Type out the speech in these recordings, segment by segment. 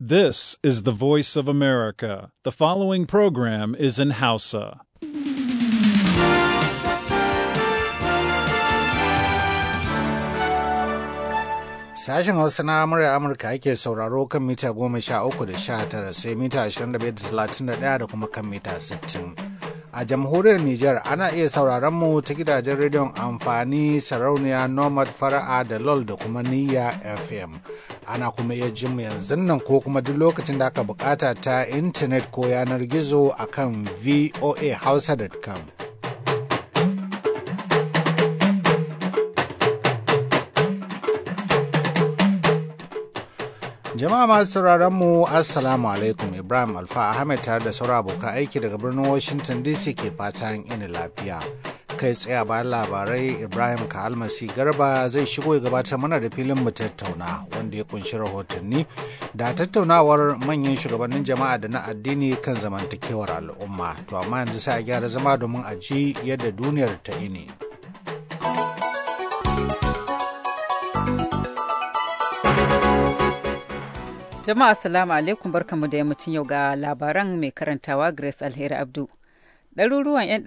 This is the voice of America. The following program is in Hausa. Sashen Hausa na murya Amurka ake sauraro kan mita goma sha uku da sha tara sai mita ashirin da da talatin da ɗaya da kuma kan mita sittin. a jamhuriyar Nijar ana iya sauraron mu ta gidajen rediyon amfani sarauniya Nomad Fara'a da LOL da kuma Niyya FM. Ana kuma iya jin mu yanzu nan ko kuma duk lokacin da aka bukata ta intanet ko yanar gizo akan voahausa.com. Jama'a masu sauraron mu Assalamu alaikum Ibrahim Alfa Ahmed tare da sauran abokan aiki daga birnin Washington DC ke fatan ina lafiya. Kai tsaya bayan labarai Ibrahim almasi Garba zai shigo ya gabatar mana da filin mu tattauna wanda ya kunshi rahotanni da tattaunawar manyan shugabannin jama'a da na addini kan zamantakewar al'umma. To amma yanzu sai a gyara zama domin a ji yadda duniyar ta ini. Jama'a salamu alaikum barkamu da yammacin yau ga labaran mai karantawa Grace Alheri Abdu. Ɗaruruwan 'yan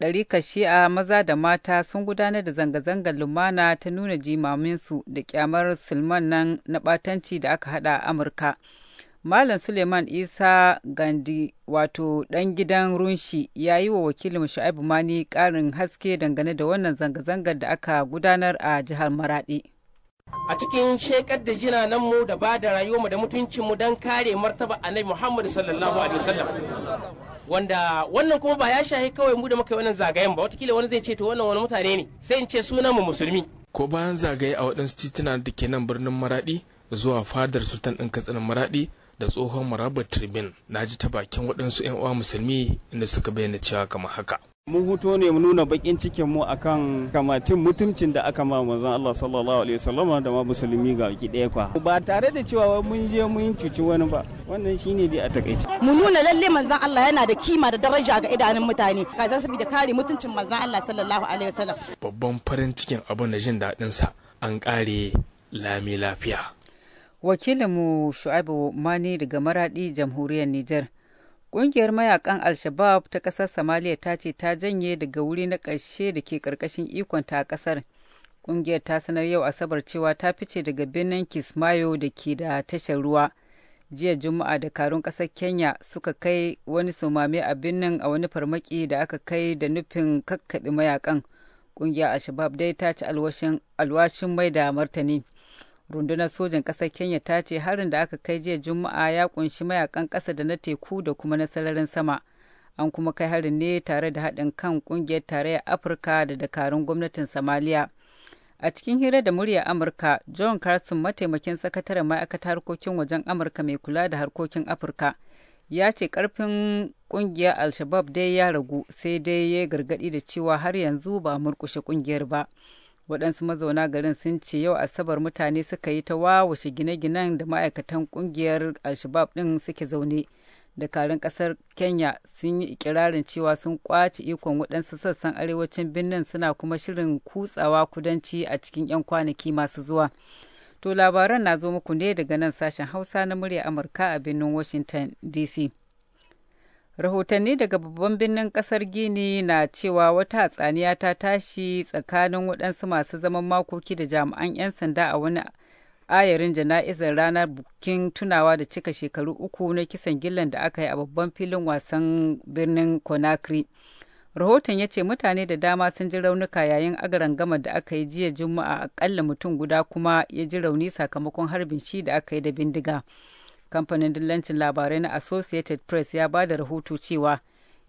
ɗarikar shi'a maza da mata sun gudanar da zanga-zangar lumana ta nuna jimaminsu da kyamar Sulman nan na ɓatanci da aka haɗa a Amurka. Malam Suleiman Isa Gandi wato ɗan gidan Runshi ya yi wa wakilin Shu'aibu Mani ƙarin haske dangane da wannan zanga-zangar da aka gudanar a jihar Maraɗi. a cikin shekar da jina nan mu da ba da rayuwarmu da mutuncin mu don kare martaba annabi muhammadu sallallahu alaihi wasallam wanda wannan kuma ba ya shahi kawai mu da muka yi wannan zagayen ba watakila wani zai ce to wannan wani mutane ne sai in ce sunan mu musulmi ko bayan zagaye a waɗansu tituna da ke nan birnin maradi zuwa fadar sultan ɗin katsina maradi da tsohon marabar tribin na ji ta bakin waɗansu 'yan uwa musulmi inda suka bayyana cewa kamar haka mun huto ne mu nuna bakin cikin mu akan kamacin mutuncin da aka ma manzon Allah sallallahu alaihi wasallam da ma musulmi ga waki daya kwa ba tare da cewa mun je mun cuci wani ba wannan shine dai a takaice mu nuna lalle manzon Allah yana da kima da daraja ga idanun mutane san saboda kare mutuncin manzon Allah sallallahu alaihi wasallam babban farin cikin abu na jin dadin sa an kare lami lafiya wakilinmu shu'aibu mani daga maradi jamhuriyar Nijar Ƙungiyar mayakan Al-Shabab ta ƙasar Somalia ta ce ta janye daga wuri na ƙarshe da ke ƙarƙashin ikonta a ƙasar. Ƙungiyar ta sanar yau Asabar cewa ta fice daga birnin Kismayo da ke da tashar ruwa. Jiya Juma'a da karun ƙasar Kenya suka kai wani sumame a birnin a wani farmaki da aka kai da nufin kakkaɓe mayakan. Ƙungiyar Al-Shabab dai ta ci alwashin mai da martani. rundunar sojan ƙasar kenya ta ce harin da aka kai jiya juma'a ya kunshi mayakan ƙasa da na teku da kuma na sararin sama an kuma kai harin ne tare da haɗin kan ƙungiyar tarayyar afirka da dakarun gwamnatin samaliya a cikin hira da murya amurka john carson mataimakin sakataren ma'aikatar harkokin wajen amurka mai kula da harkokin afirka ya ce karfin kungiyar al-shabab dai ya ragu sai dai ya gargadi da cewa har yanzu ba murkushe kungiyar ba waɗansu mazauna garin sun ce yau asabar mutane suka yi ta wawashe gine-ginen da ma'aikatan ƙungiyar alshabab ɗin suke zaune da dakarun ƙasar kenya sun yi ikirarin cewa sun kwace ikon waɗansu sassan arewacin birnin suna kuma shirin kutsawa kudanci a cikin 'yan kwanaki masu zuwa to labaran na zo muku ne daga nan sashen hausa na murya amurka a birnin washington dc rahotanni daga babban birnin kasar gini na cewa wata hatsaniya ta tashi tsakanin waɗansu masu zaman makoki da jami'an 'yan sanda a wani ayarin jana'izar ranar bukin tunawa da cika shekaru uku na kisan gillan da aka yi a babban filin wasan birnin conakry rahoton ya ce mutane da dama sun ji raunuka yayin agaran gama da aka yi jiya juma'a akalla mutum guda kuma ya ji rauni sakamakon harbin shi da aka yi da bindiga kamfanin dillancin labarai na associated press ya ba da rahoto cewa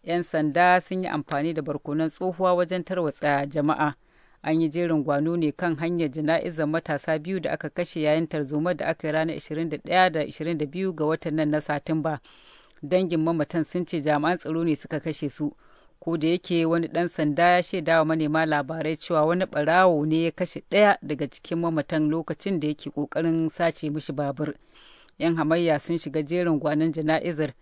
'yan sanda sun yi amfani da barkonan tsohuwa wajen tarwatsa jama'a an yi jerin gwano ne kan hanyar jana'izar matasa biyu da aka kashe yayin tarzoma da aka yi ranar 21 da 22 ga watan nan na satumba dangin mamatan sun ce jami'an tsaro ne suka kashe su ko da yake wani dan sanda ya shaida wa manema labarai cewa wani barawo ne ya kashe ɗaya daga cikin mamatan lokacin da yake kokarin sace mishi babur 'yan hamayya sun shiga jerin gwanon jana'izar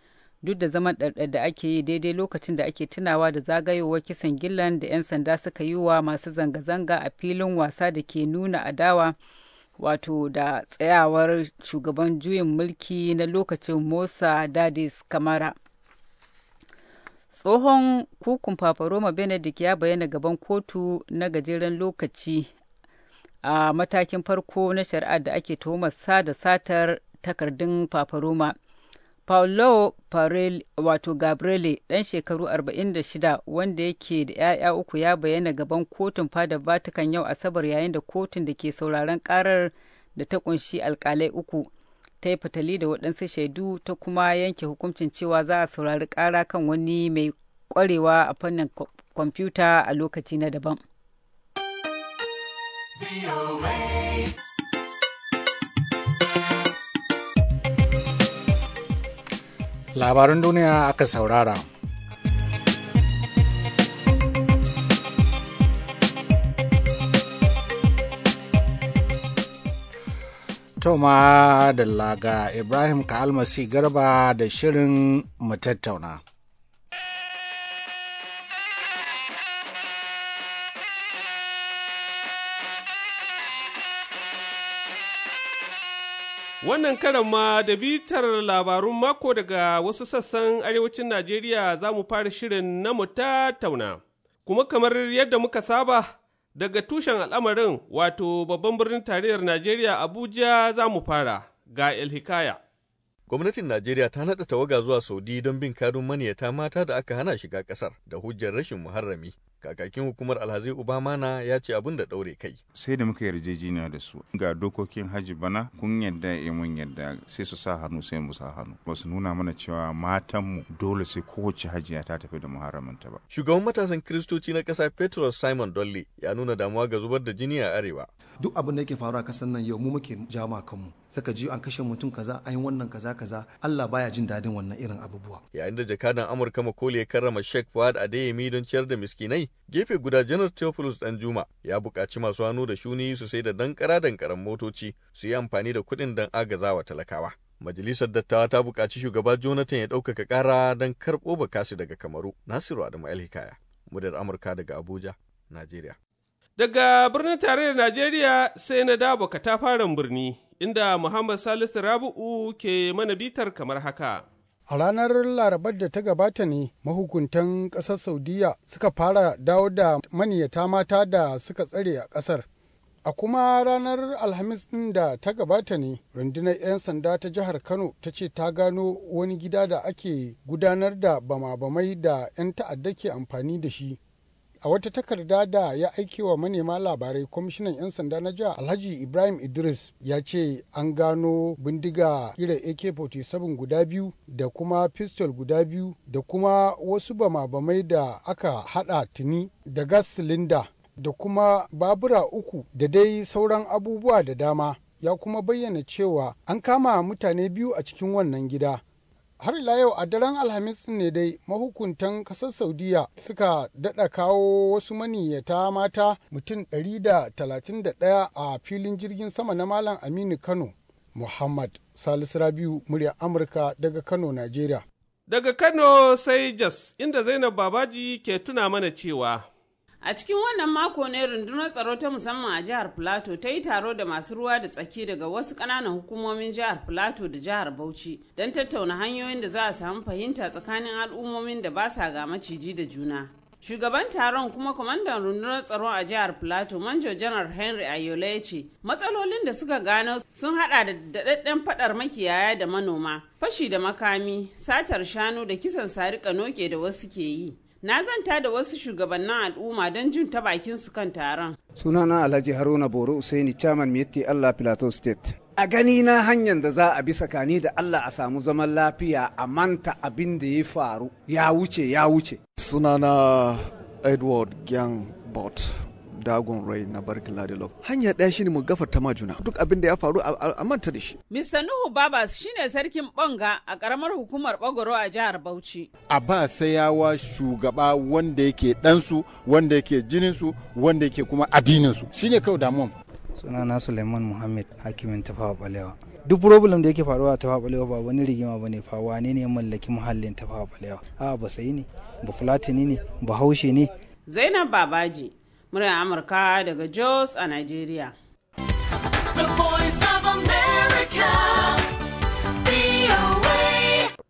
duk da zaman ɗarɗar da ake yi daidai lokacin da ake tunawa da zagayowar kisan gillan da 'yan sanda suka yi wa masu zanga-zanga a filin wasa da ke nuna adawa wato da tsayawar shugaban juyin mulki na lokacin mosa dadis kamara tsohon kukun fafaroma benedict ya bayyana gaban kotu na gajeren lokaci a matakin farko na shari'ar da ake tuhumar sa da satar takardun Paparoma. paulo Parel, wato Gabriele ɗan shekaru 46 wanda yake da 'ya'ya uku ya bayyana gaban kotun fadar Vatican yau Asabar yayin da kotun da ke sauraron ƙarar da ta kunshi alkalai uku ta yi fatali da waɗansu shaidu ta kuma yanke hukuncin cewa za a saurari ƙara kan wani mai ƙwarewa a fannin kwamfuta a lokaci na daban. labaran duniya aka saurara. Toma da laga Ibrahim Ka'almasi Garba da shirin mu tattauna. Wannan karan ma da bitar labarun mako daga wasu sassan arewacin Najeriya za mu fara shirin na mu tattauna. Kuma kamar yadda muka saba daga tushen al'amarin wato babban birnin tarayyar Najeriya Abuja za mu fara ga Hikaya. Gwamnatin Najeriya ta naɗa tawaga zuwa Saudi don bin kadun maniyata mata da aka hana shiga ƙasar da hujjar rashin muharrami. kakakin hukumar alhazai na ya ce abin da ɗaure kai sai da muka yarjejeniya da su ga dokokin haji bana kun yadda ya eh, mun yadda sai su sa hannu sai mu sa hannu ba su nuna mana cewa matanmu dole sai kowace hajiya ta tafi da muharramanta ba shugaban matasan kiristoci na ƙasa petros simon dolle ya nuna damuwa ga zubar da jini a arewa duk abin da yake faruwa a ƙasar nan yau mu muke jama kanmu saka ji an kashe mutum kaza an yi wannan kaza kaza Allah baya jin dadin wannan irin abubuwa yayin da jakadan Amurka Makoli ya karrama Sheikh Fuad Adeyemi don ciyar da miskinai gefe guda Janar Theophilus Juma ya buƙaci masu hannu da shuni su sai da dankara dankaran motoci su yi amfani da kuɗin don agazawa talakawa Majalisar Dattawa ta buƙaci shugaba Jonathan ya ɗaukaka ƙara don karɓo bakasi daga Kamaru. Nasiru Adamu Alhikaya, muryar Amurka daga Abuja, Najeriya. Daga birnin tarayyar Najeriya sai na dabo katafaren birni inda Muhammad Salisu Rabu'u ke mana bitar kamar haka. A ranar Larabar da ta gabata ne mahukuntan ƙasar Saudiya suka fara dawo da maniyata mata da suka tsare a ƙasar. A kuma ranar Alhamis ɗin da ta gabata ne rundunar 'yan sanda ta jihar Kano ta ce ta gano wani gida da ake gudanar da bama-bamai da 'yan ta'adda ke amfani da shi a wata takarda da ya aiki wa manema labarai kwamishinan 'yan sanda na jihar alhaji ibrahim idris ya ce an gano bindiga irin ak-47 guda biyu da kuma pistol guda biyu da kuma wasu bama-bamai da aka hada tuni da gas silinda da kuma babura uku da dai sauran abubuwa da dama ya kuma bayyana cewa an kama mutane biyu a cikin wannan gida har ila yau a daren alhamis ne dai mahukuntan kasar saudiya suka dada kawo wasu maniyyata mata mutum 131 a filin jirgin sama na malam aminu kano muhammad salisu rabiu murya amurka daga kano nigeria daga kano sai jas inda zainab babaji ke tuna mana cewa A cikin wannan mako ne rundunar tsaro ta musamman a jihar Filato ta yi taro da masu ruwa da tsaki daga wasu ƙananan hukumomin jihar Filato da jihar Bauchi don tattauna hanyoyin da za a samu fahimta tsakanin al'ummomin da ba sa ga maciji da juna. Shugaban taron kuma kwamandan rundunar tsaro a jihar Filato Manjo Janar Henry Ayola ya ce matsalolin da suka gano sun hada da daɗaɗɗen faɗar makiyaya da manoma, fashi da makami, satar shanu da kisan sarika noke da wasu ke yi. Na zanta da wasu shugabannin al'umma don jin ta bakin su kan taron. Sunana Alhaji Haruna Boro Usaini Chairman Mietti Allah Plateau State. A gani na hanyar da za a bi tsakani da Allah a samu zaman lafiya a manta abin da ya faru ya wuce ya wuce. Sunana Edward gyan Bot Dagon Rai na Barkin Ladilau. Hanya ɗaya shine mu gafarta ma juna. Duk abin da ya faru a manta da shi. Mr. Nuhu Babas shine sarkin Bonga a karamar hukumar Bagoro a jihar Bauchi. A ba sayawa shugaba wanda yake ɗansu, wanda yake jininsu, wanda yake kuma addininsu. Shine kawai damuwan. Sunana Suleiman Muhammad hakimin tafawa balewa. duk problem da yake faruwa ta faɓalewa ba wani rigima ba ne fa wane ne mallaki muhallin ta faɓalewa a ba sai ne ba fulatini ne ba haushe ne zainab babaji Muryar Amurka daga Jos a Najeriya.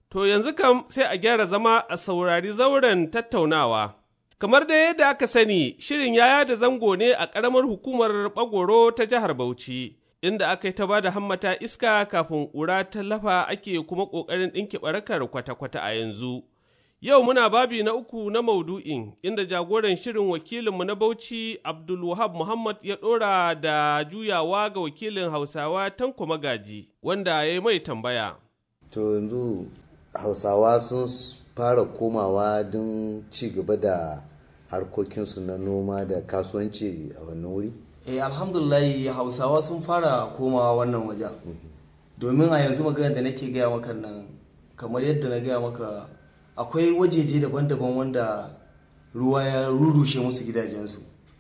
To yanzu kam sai a gyara zama a saurari zauren tattaunawa. Kamar da yadda aka sani, shirin yaya da zango ne a ƙaramar hukumar Bagoro ta jihar Bauchi, inda aka yi ta ba da hammata iska kafin ura ta lafa ake kuma ƙoƙarin ɗinke ɓarakar kwata-kwata a yanzu. Yau muna babi na uku na maudu'in inda jagoran shirin wakilinmu na Bauchi Abdulwahab Muhammad ya ɗora da juyawa ga wakilin Hausawa Tanko Magaji wanda ya mai tambaya. To yanzu Hausawa sun fara komawa don ci gaba da harkokinsu na noma da kasuwanci a wannan wuri? Eh Hausawa sun fara komawa wannan wajen. Mhm. Domin a yanzu magana da nake gaya maka nan kamar yadda na gaya maka akwai wajeje daban-daban wanda ruwa ya rurushe musu gidajensu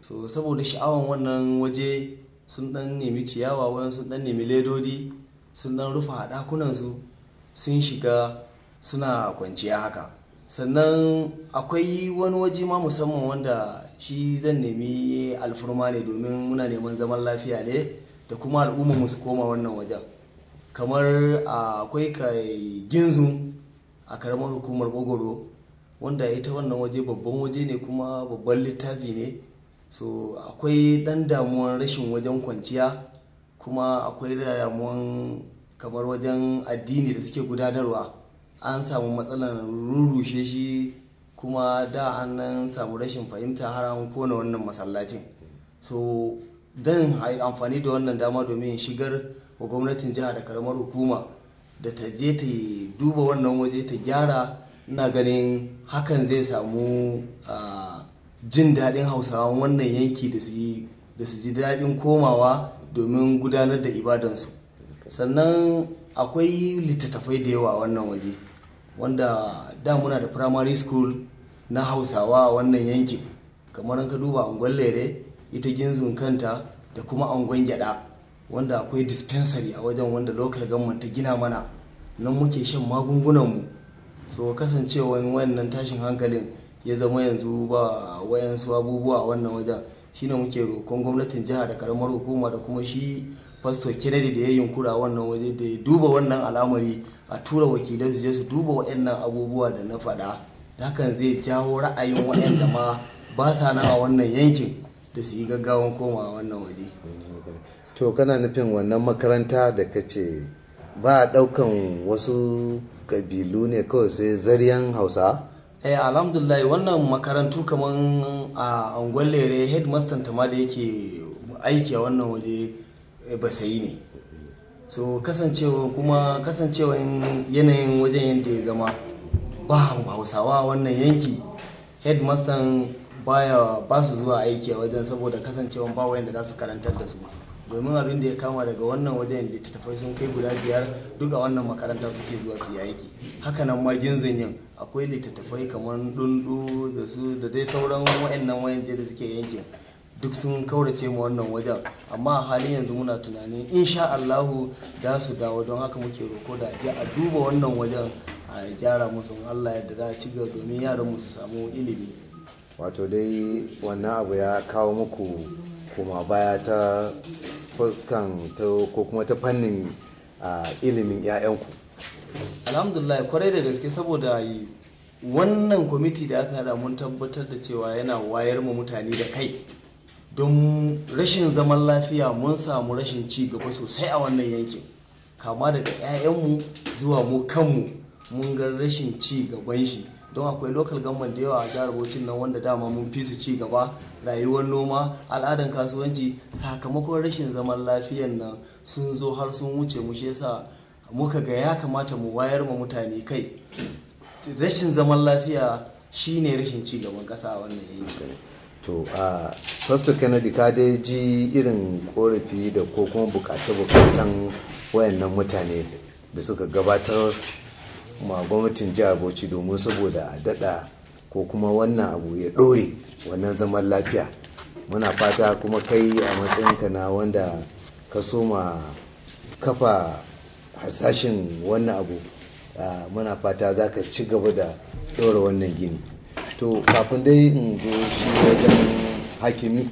so saboda sha'awan wannan waje sun dan nemi ciyawa wayan sun dan nemi ledodi sun dan rufa ɗakunansu sun shiga suna kwanciya haka sannan akwai wani waje ma musamman wanda shi zan nemi alfurma ne domin muna neman zaman lafiya ne da kuma al'umma musu koma wannan wajen kamar akwai kai ginzu a karamar hukumar bogoro wanda ita wannan waje babban waje ne kuma babban littafi ne so akwai dan damuwan rashin wajen kwanciya kuma akwai damuwan kamar wajen addini da suke gudanarwa an samu matsalar rurrushe shi kuma da an samu rashin fahimta har an kona wannan masallacin so dan amfani da wannan dama domin shigar wa gwamnatin jiha da karamar hukuma da ta je ta duba wannan waje ta gyara ina ganin hakan zai samu jin daɗin hausawa wannan yanki da su ji daɗin komawa domin gudanar da ibadansu sannan akwai littattafai da yawa wannan waje wanda da muna da primary school na hausawa a wannan yankin kamar ka duba angon lere ita ginzun kanta da kuma angon gyada wanda akwai dispensary a wajen wanda local government ta gina mana nan muke shan magungunan mu so kasancewa wannan tashin hankalin ya zama yanzu ba wayansu abubuwa a wannan wajen shine muke roƙon gwamnatin jihar da karamar hukuma da kuma shi pastor kennedy da ya yunkura a wannan waje da ya duba wannan al'amari a tura wakilan su je su duba waɗannan abubuwa da na faɗa da hakan zai jawo ra'ayin waɗanda ma ba sa nan a wannan yankin da su yi gaggawan komawa wannan waje mm, to kana nufin wannan makaranta da ka ce ba a ɗaukan wasu kabilu ne kawai sai zaryan hausa eh alhamdulillah wannan makarantu kamar a angon lere headmaster ta da yake aiki a wannan waje eh, basayi ne so kasancewa kuma kasancewa yanayin wajen yadda ya zama ba hausawa wannan yanki headmaster baya ba su zuwa aiki a wajen saboda kasancewa ba wayanda za su karantar da su domin abin da ya kama daga wannan wajen littattafai sun kai guda biyar duk a wannan makaranta suke zuwa su yi aiki hakanan ma ginzin yin akwai littattafai kamar dundu da su da dai sauran wayannan wayan da suke yankin duk sun kaurace mu wannan wajen amma a halin yanzu muna tunanin insha Allahu da su dawo don haka muke roko da je a duba wannan wajen a gyara musu Allah yadda za a ci gaba domin yaran mu su samu ilimi wato dai wannan abu ya kawo muku Kuma baya ta fuskan ta ko kuma ta fannin ilimin 'ya'yanku alhamdulillah kwarai da gaske saboda wannan kwamiti da aka hada mun tabbatar da cewa yana wayar ma mutane da kai don rashin zaman lafiya mun samu rashin ci gaba sosai a wannan yankin kama daga 'ya'yanmu zuwa mu kanmu mun ga rashin ci gaban shi don akwai local gamman da yawa a jihar bauchin nan wanda dama mun fi su ci gaba rayuwar noma al'adan kasuwanci sakamakon rashin zaman lafiyan nan sun zo har sun wuce mu shi yasa muka ga ya kamata mu wayar ma mutane kai rashin zaman lafiya shine rashin ci gaban kasa a wannan yankin to a pastor kennedy ka dai ji irin korafi da ko kuma bukace-bukatan wayannan mutane da suka gabatar ma gwamnatin jihar bauchi domin saboda a daɗa ko kuma wannan abu ya dore wannan zaman lafiya muna fata kuma kai a matsayinka na wanda ka soma kafa harsashin wannan abu muna fata za ka ci gaba da ɗora wannan gini to kafin dai in zo shi wajen hakimi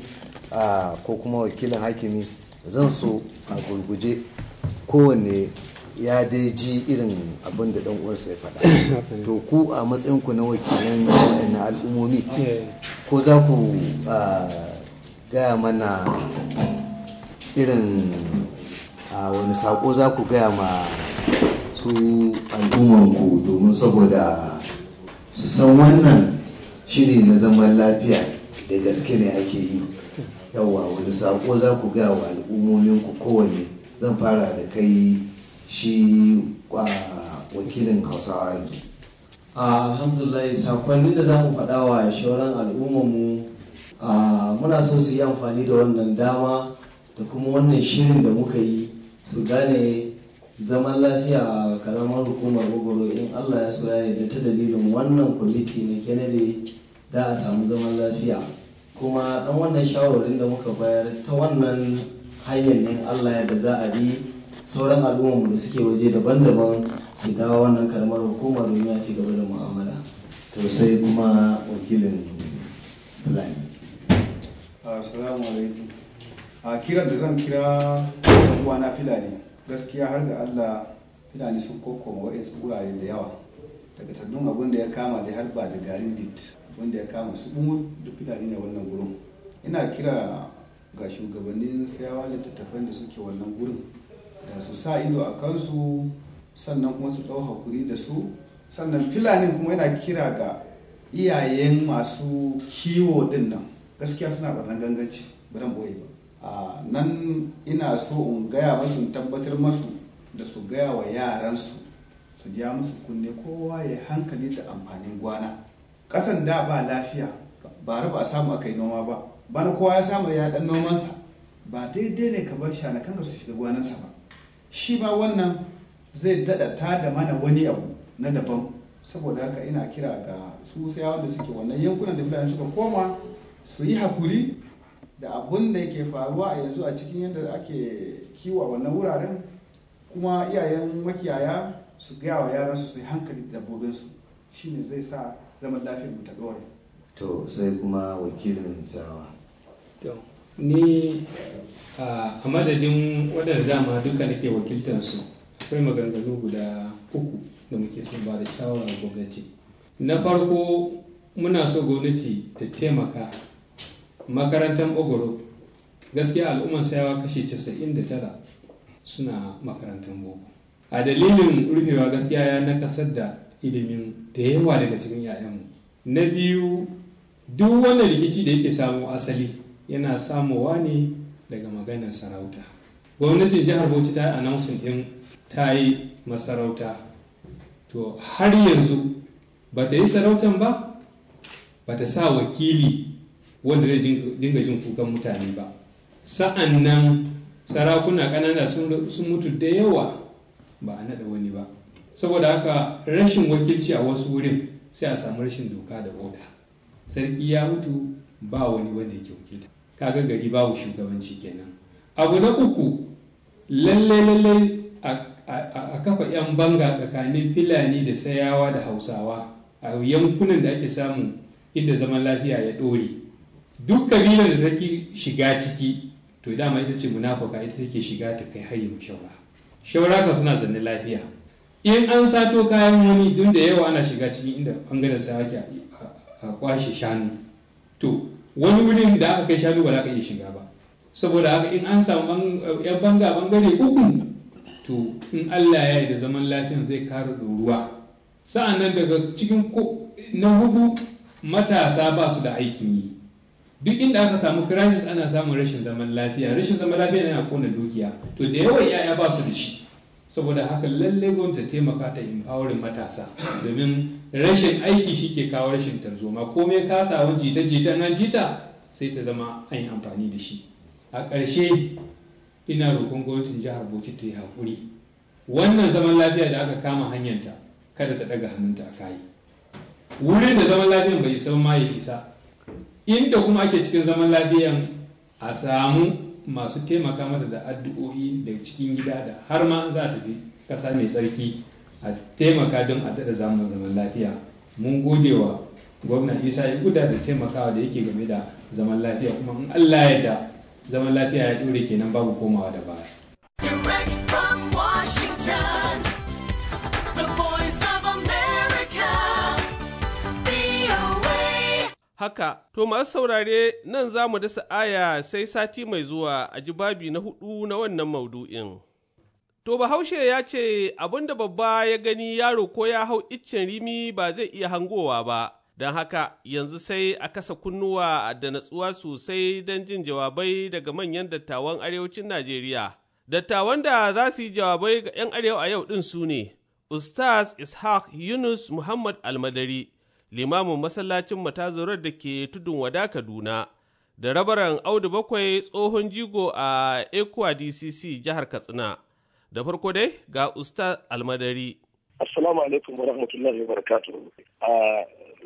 ko kuma wakilin hakimi zan so a gurguje kowane ya dai ji irin abin da dan ya faɗa to ku a matsayin ku na wakilan na al'ummomi eh. ko za ku gaya mana irin wani sako za ku gaya ma su al'ummanku domin saboda su san wannan shiri na zaman lafiya da gaske ne ake yi yawa wani sako za ku gaya wa al'ummominku kowane zan fara da kai shi ah, wakilin hausawa yanzu ah, alhamdulillah sakonni da za mu faɗa wa shauran al'ummarmu ah, muna so su yi amfani da wannan dama da kuma wannan shirin da muka yi su gane zaman lafiya a karamar hukumar gogoro in allah ya so ya yarda ta dalilin wannan kwamiti na kennedy da a samu zaman lafiya kuma ɗan wannan shawarin da muka bayar ta wannan hanyar ne allah ya da za a bi sauran mu da suke waje daban-daban su dawo wannan karamar hukumar domin a ci gaba da mu'amala to sai kuma wakilin fulani a kiran da zan kira uwa na filani gaskiya har ga allah filani sun kokoma su wurare da yawa daga tannun abin da ya kama da har da garin dit wanda ya kama su umu da filani ne wannan gurin ina kira ga shugabannin tsayawa littattafan da suke wannan gurin da eh, su sa ido a kansu sannan kuma su ɗau hakuri da su sannan filanin kuma yana kira ga iyayen masu kiwo dinnan. nan gaskiya suna barnan ganganci baran boye ba nan ina so in gaya masu tabbatar masu da su gaya wa yaransu su ja musu kunne kowa ya hankali da amfanin gwana ƙasan da ba lafiya ba ba a samu aka yi noma ba bana kowa ya samu ya ɗan nomansa ba daidai ne ka bar shanakan ka su shiga gwanansa ba shi ma wannan zai daɗa ta da mana wani abu na daban saboda haka ina kira ga su sai wanda suke wannan yankunan da filayen suka koma su yi hakuri da abun da yake faruwa a yanzu a cikin yadda ake kiwa wannan wuraren kuma iyayen makiyaya su gaya wa yaransu su yi hankali da dabbobinsu shine zai sa zaman lafiyar mu ta ɗore. to sai kuma wakilin sawa ni a madadin waɗanda dama duka nake wakiltansu akwai maganganu guda uku da muke son ba da shawara gwamnati na farko muna so gwamnati ta taimaka makarantar ogoro gaskiya al'umman sayawa kashi 99 suna makarantar boko a dalilin rufewa gaskiya ya nakasar da ilimin da yawa daga cikin 'ya'yanmu na biyu duk wanda rikici da yake samu asali yana samowa ne daga maganar sarauta gwamnatin jihar bauchi ta yi announcing din ta yi masarauta to har yanzu ba ta yi sarautan ba ba ta sa wakili wanda zai dinga jin kukan mutane ba sa'an nan sarakuna ƙanana sun mutu da yawa ba a naɗa wani ba saboda haka rashin wakilci a wasu wurin sai a samu rashin doka da oda sarki ya mutu ba wani wanda yake wakilta kaga gari babu shugabanci kenan abu na uku lalle lalle a kafa 'yan banga tsakanin filani da sayawa da hausawa a yankunan da ake samu inda zaman lafiya ya ɗore duk kabilar da take shiga ciki to dama ita ce munafuka ita take shiga ta kai hari mu shaura ka suna zanne lafiya in an sato kayan wani don da yawa ana shiga ciki inda bangaren sa a kwashe shanu to wani wurin da aka kai shanu ba za ka iya shiga ba saboda haka in an samu yan banga bangare uku to in Allah ya yi da zaman lafiyan zai kara doruwa sa'an nan daga cikin na hudu matasa ba su da aikin yi duk inda aka samu crisis ana samun rashin zaman lafiya rashin zaman lafiya yana kona dukiya to da yawan yaya ba su da shi saboda haka lallai gwamnati taimaka ta empowering matasa domin rashin aiki shi ke kawo rashin tarzoma komai ka samu jita jita nan jita sai ta zama an yi amfani da shi a ƙarshe ina roƙon gwamnatin jihar bauchi ta yi haƙuri wannan zaman lafiya da aka kama hanyarta kada ta ɗaga hannunta a kayi wurin da zaman lafiyan bai isa ma ya isa inda kuma ake cikin zaman lafiyan a samu masu taimaka masa da addu'o'i daga cikin gida da har ma za ta fi kasa mai tsarki a taimaka don a daɗa zamu zaman lafiya mun gode wa gwamna isa ya guda da taimakawa da yake game da zaman lafiya kuma in allah ya da zaman lafiya ya ɗore kenan babu komawa da baya. haka, to masu saurare nan za mu dasa aya sai sati mai zuwa a ji babi na hudu na wannan maudu'in. To Bahaushe ya ce abin da babba ya gani yaro ko ya hau iccen rimi ba zai iya hangowa ba, don haka yanzu sai a kasa kunnuwa da natsuwa sosai don jin jawabai daga manyan dattawan arewacin Najeriya. Dattawan da za su yi jawabai ga 'yan arewa a yau ɗin su ne, Ustaz Ishaq Yunus Muhammad Almadari. limamin masallacin matazarar da ke tudun wada Kaduna, da rabaran Audu bakwai tsohon jigo a Ekuwa DCC jihar Katsina. Da farko dai ga Usta Almadari. Assalamu alaikum wa rahmatullahi wa barakatu.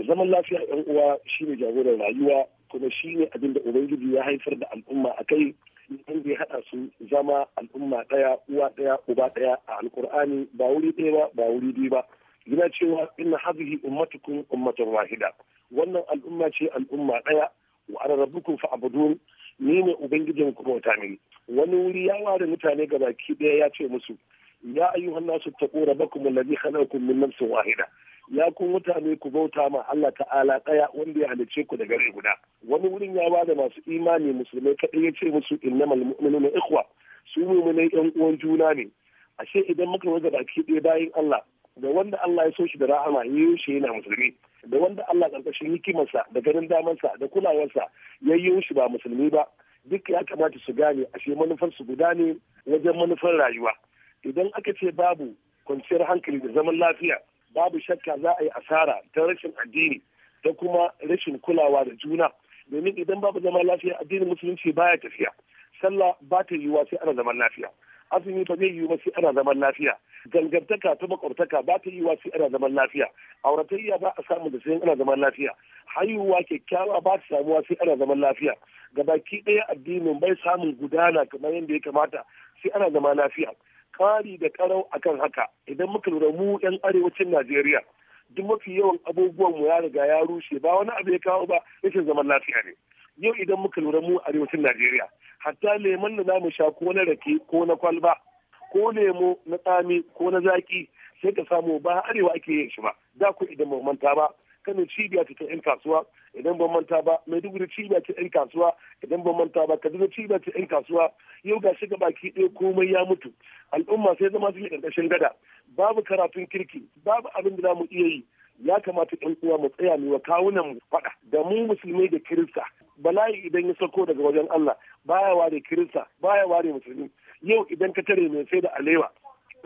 zaman lafiya yan uwa shi ne jagoran rayuwa kuma shi ne abin da ubangiji ya haifar da al'umma a kai in zai haɗa su zama al'umma ɗaya uwa ɗaya uba ɗaya a alkur'ani ba wuri ɗaya ba ba wuri biyu ba yana cewa inna hadhihi ummatukum ummatan wahida wannan al'umma ce al'umma daya wa ana rabbukum fa'budun ni ne ubangijin ku bauta mini wani wuri ya ware mutane gabaki daya ya ce musu ya ayyuhan nasu taqu rabbakum alladhi khalaqakum min nafsin wahida ya kun mutane ku bauta ma Allah ta'ala daya wanda ya halice ku daga rai guda wani wurin ya bada masu imani musulmai kadai ya ce musu innamal mu'minuna ikhwa su mu'minai yan uwan juna ne ashe idan muka waga baki ɗaya bayan Allah da wanda Allah ya so shi da rahama ya yi shi yana musulmi da wanda Allah karkashin hikimarsa da ganin damansa da kulawarsa ya yi shi ba musulmi ba duk ya kamata su gane ashe manufar su guda ne wajen manufar rayuwa idan aka ce babu kwanciyar hankali da zaman lafiya babu shakka za a yi asara ta rashin addini da kuma rashin kulawa da juna domin idan babu zaman lafiya addinin musulunci baya tafiya sallah ba ta yiwuwa sai ana zaman lafiya azumi ba zai yiwu ba sai ana zaman lafiya gangantaka ta makwabtaka ba ta yi wa sai ana zaman lafiya auratayya ba a samu da sai ana zaman lafiya haihuwa kyakkyawa ba ta wa sai ana zaman lafiya gabaki ɗaya addinin bai samun gudana kamar yadda ya kamata sai ana zaman lafiya kari da karau akan haka idan muka lura mu yan arewacin najeriya duk mafi yawan abubuwan mu ya riga ya rushe ba wani abu ya kawo ba rashin zaman lafiya ne yau idan muka lura mu arewacin najeriya hatta lemon da za mu sha ko na rake ko na kwalba ko lemo na tsami ko na zaki sai ka samu ba arewa ake yin shi ba da ku idan ba manta ba kano cibiya ta ta 'yan kasuwa idan ban manta ba mai duk da cibiya ta 'yan kasuwa idan ba manta ba duka cibiya ta 'yan kasuwa yau ga shiga baki ɗaya komai ya mutu al'umma sai zama su yi ƙarƙashin gada babu karatun kirki babu abin da za mu iya yi ya kamata ɗan uwa mu tsaya mu wa kawunan mu faɗa da mu musulmai da kirista bala'i idan ya sauko daga wajen Allah baya ware kirista baya ware musulmi yau idan ka tare mai sai da alewa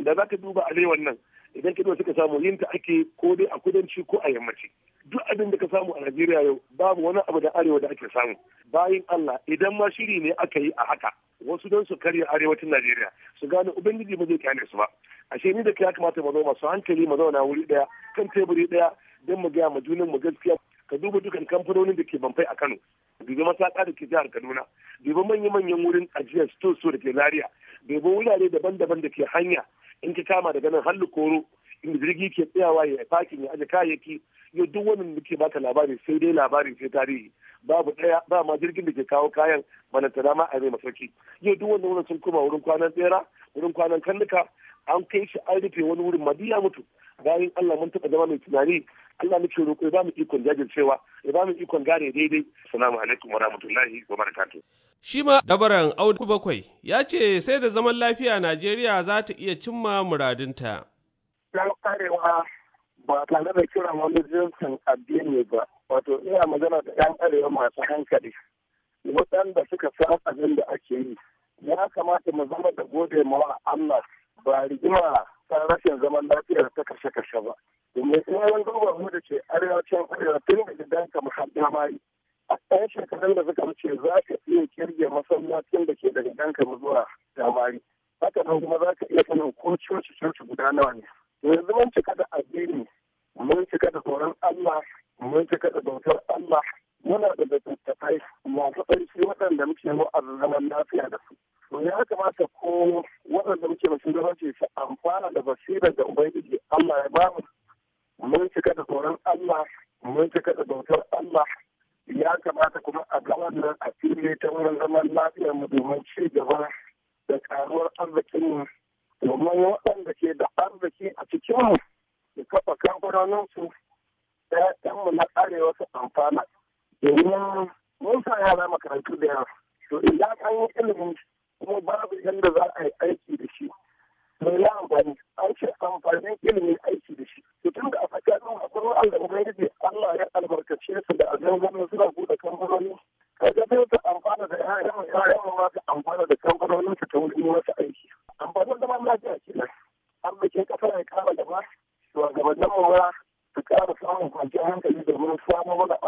da za ka duba alewan nan idan ka duba suka samu yin ta ake ko dai a kudanci ko a yammaci duk abin da ka samu a Najeriya yau babu wani abu da arewa da ake samu bayan Allah idan ma shiri ne aka yi a haka wasu don su karya arewacin Najeriya su gane ubangiji ba zai kyale su ba ashe ni da ya kamata mu zo masu hankali mu zauna wuri daya kan teburi daya don mu gaya ma junan mu gaskiya ka duba dukan kamfanonin da ke banfai a kano dubi masaka da ke jihar kaduna dubi manya-manyan wurin ajiyar sto da ke zaria dubi wurare daban-daban da ke hanya in ka kama daga nan hallu koro inda jirgi ke tsayawa ya fakin ya aje kayayyaki yau duk wannan da ke baka labari sai dai labari sai tarihi babu daya ba ma jirgin da ke kawo kayan bana ta dama a mai masauki yau duk wannan sun kuma wurin kwanan tsera wurin kwanan kannuka an kai shi an rufe wani wurin madiya mutu bayan Allah mun taba zama mai tunani Allah muke roƙo ya ba mu ikon jajircewa ya ba mu ikon gane daidai assalamu alaikum warahmatullahi wabarakatuh shi ma dabaran audu bakwai ya ce sai da zaman lafiya Najeriya za ta iya cimma muradinta karewa ba tare da kiran wani jinsin addini ba wato ina magana da yan arewa masu hankali waɗanda suka san abin da ake yi ya kamata mu zama da gode mawa Allah ba rigima ta rashin zaman lafiya ta kashe-kashe ba. Domin in wani duba mu da ke arewacin arewa tun da gidan kamar hadda mari. A ɗan shekarun da suka wuce za ka iya kirge masallacin da ke daga gidan kamar zuwa damari. Haka nan kuma za ka iya sanin ko coci coci guda nawa ne. Yanzu mun cika da addini, mun cika da tsoron Allah, mun cika da bautar Allah, muna da littattafai masu ƙarfi waɗanda muke mu'azzaman lafiya da su. ya kamata ko waɗanda muke ma shugabanci su amfana da basirar da ubangiji Allah ya ba mu mun cika da tsoron Allah mun cika da bautar Allah ya kamata kuma a ga wannan a fili ta wurin zaman lafiyar mu domin ci gaba da karuwar arzikin mu domin waɗanda ke da arziki a cikin mu su kafa kamfanonin su ɗan mu na arewa su amfana domin mun sa yara makarantu da yawa to idan an yi ilimi kuma babu yadda za a yi aiki da shi mai ya amfani an ce amfanin ilimin aiki da shi tun da a tsakanin akwai wanda ubangiji Allah ya albarkace su da azan zama suna buɗe kamfanoni kaga sai ta amfana da yaran ƴaƴan ma ta amfana da kamfanonin su ta wurin wasu aiki amfanin zaman lafiya kenan an bikin ƙasa ya kara gaba shugabannin mu su kara samun kwanciyar hankali domin samun mana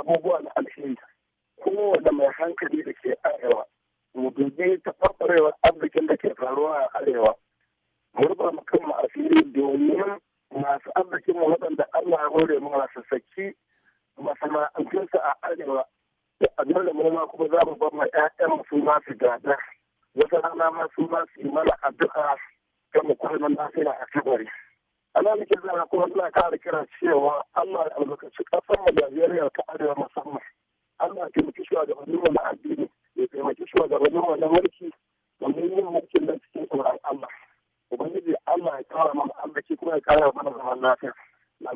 To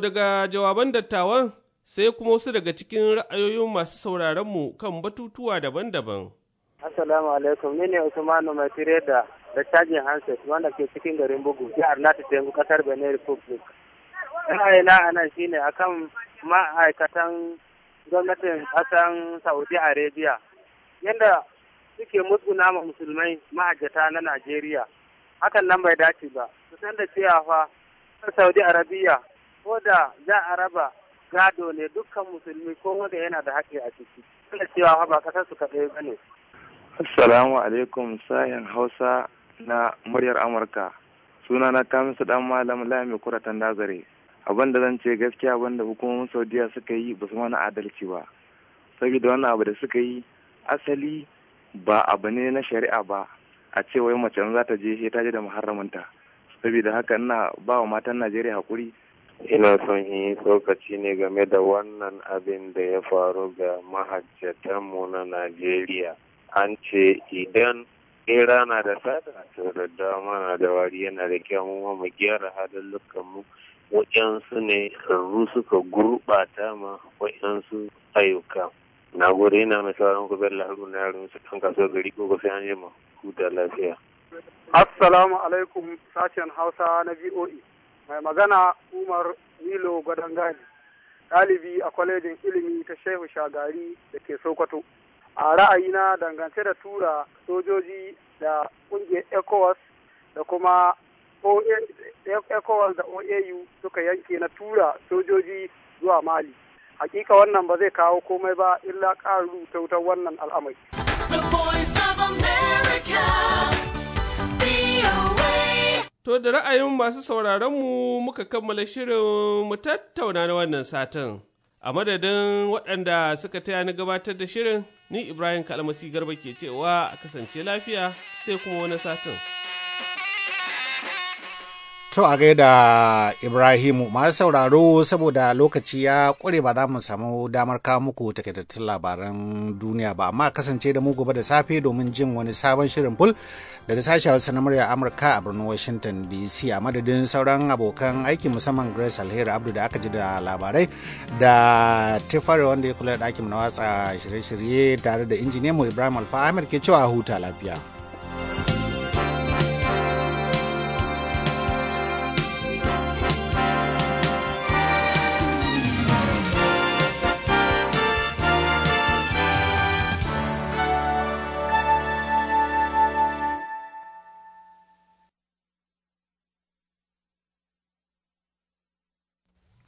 daga jawaban dattawan sai kuma wasu daga cikin ra'ayoyin masu sauraronmu kan batutuwa daban-daban. Assalamu alaikum, ne Usmanu mai fire da dattajin Hanset wanda ke cikin garin bugu jihar Nata Tengu kasar Benin Republic. Ra'ayina a nan shine akan ma'aikatan gwamnatin ƙasan Saudi Arabia yadda suke musguna ma musulmai mahajjata na Najeriya hakan nan bai dace ba su san da cewa fa Saudi Arabia ko da za a raba gado ne dukkan musulmi ko wanda yana da haƙƙi a ciki da cewa fa ba kasar su kaɗai ba ne. Assalamu alaikum sahin Hausa na muryar Amurka Suna sunana Kamisu dan Malam Lami Kuratan Dazare. abin da zan ce gaskiya abin da hukumomin saudiya suka yi ba su mana adalci ba saboda wannan abu da suka yi asali ba abu ne na shari'a ba a ce wai mace za ta je sai ta je da muharraminta saboda haka ina ba wa matan najeriya hakuri ina son yi tsokaci ne game da wannan abin da ya faru ga mu na najeriya an ce idan ɗera na da sada to da dama na da wari yana da kyau mu mu gyara halin mu Wa'yansu ne yanzu suka gurɓata ma wa'yansu ayyuka na gode yana mai sauran ku bello na yarin su ɗan kasuwa gari ko sai an yi ma huta lafiya. assalamu alaikum sashen hausa na voe mai magana umar milo gwadangani ɗalibi a kwalejin ilimi ta shehu shagari da ke sokoto a ra'ayina dangance da tura sojoji da ƙungiyar ecowas da kuma shawarar da OAU suka yanke na tura sojoji zuwa Mali. Hakika wannan ba zai kawo komai ba illa ƙarin wutar wannan al'amari. To da ra'ayin masu sauraronmu muka kammala shirin mu tattauna na wannan satin. A madadin waɗanda suka taya ni gabatar da shirin, ni Ibrahim Kalmasi Garba ke cewa a kasance lafiya sai kuma wani satin. To a gaida Ibrahimu masu sauraro saboda lokaci ya kure ba za mu samu damar kawo muku takaitattun labaran duniya ba amma kasance da mu gobe da safe domin jin wani sabon shirin ful daga sashi Hausa na murya Amurka a birnin Washington DC a madadin sauran abokan aiki musamman Grace Alheri Abdu da aka ji da labarai da Tifare wanda ya kula da ɗakin na watsa shirye-shirye tare da injiniyan mu Ibrahim Alfa Ahmed ke cewa huta lafiya.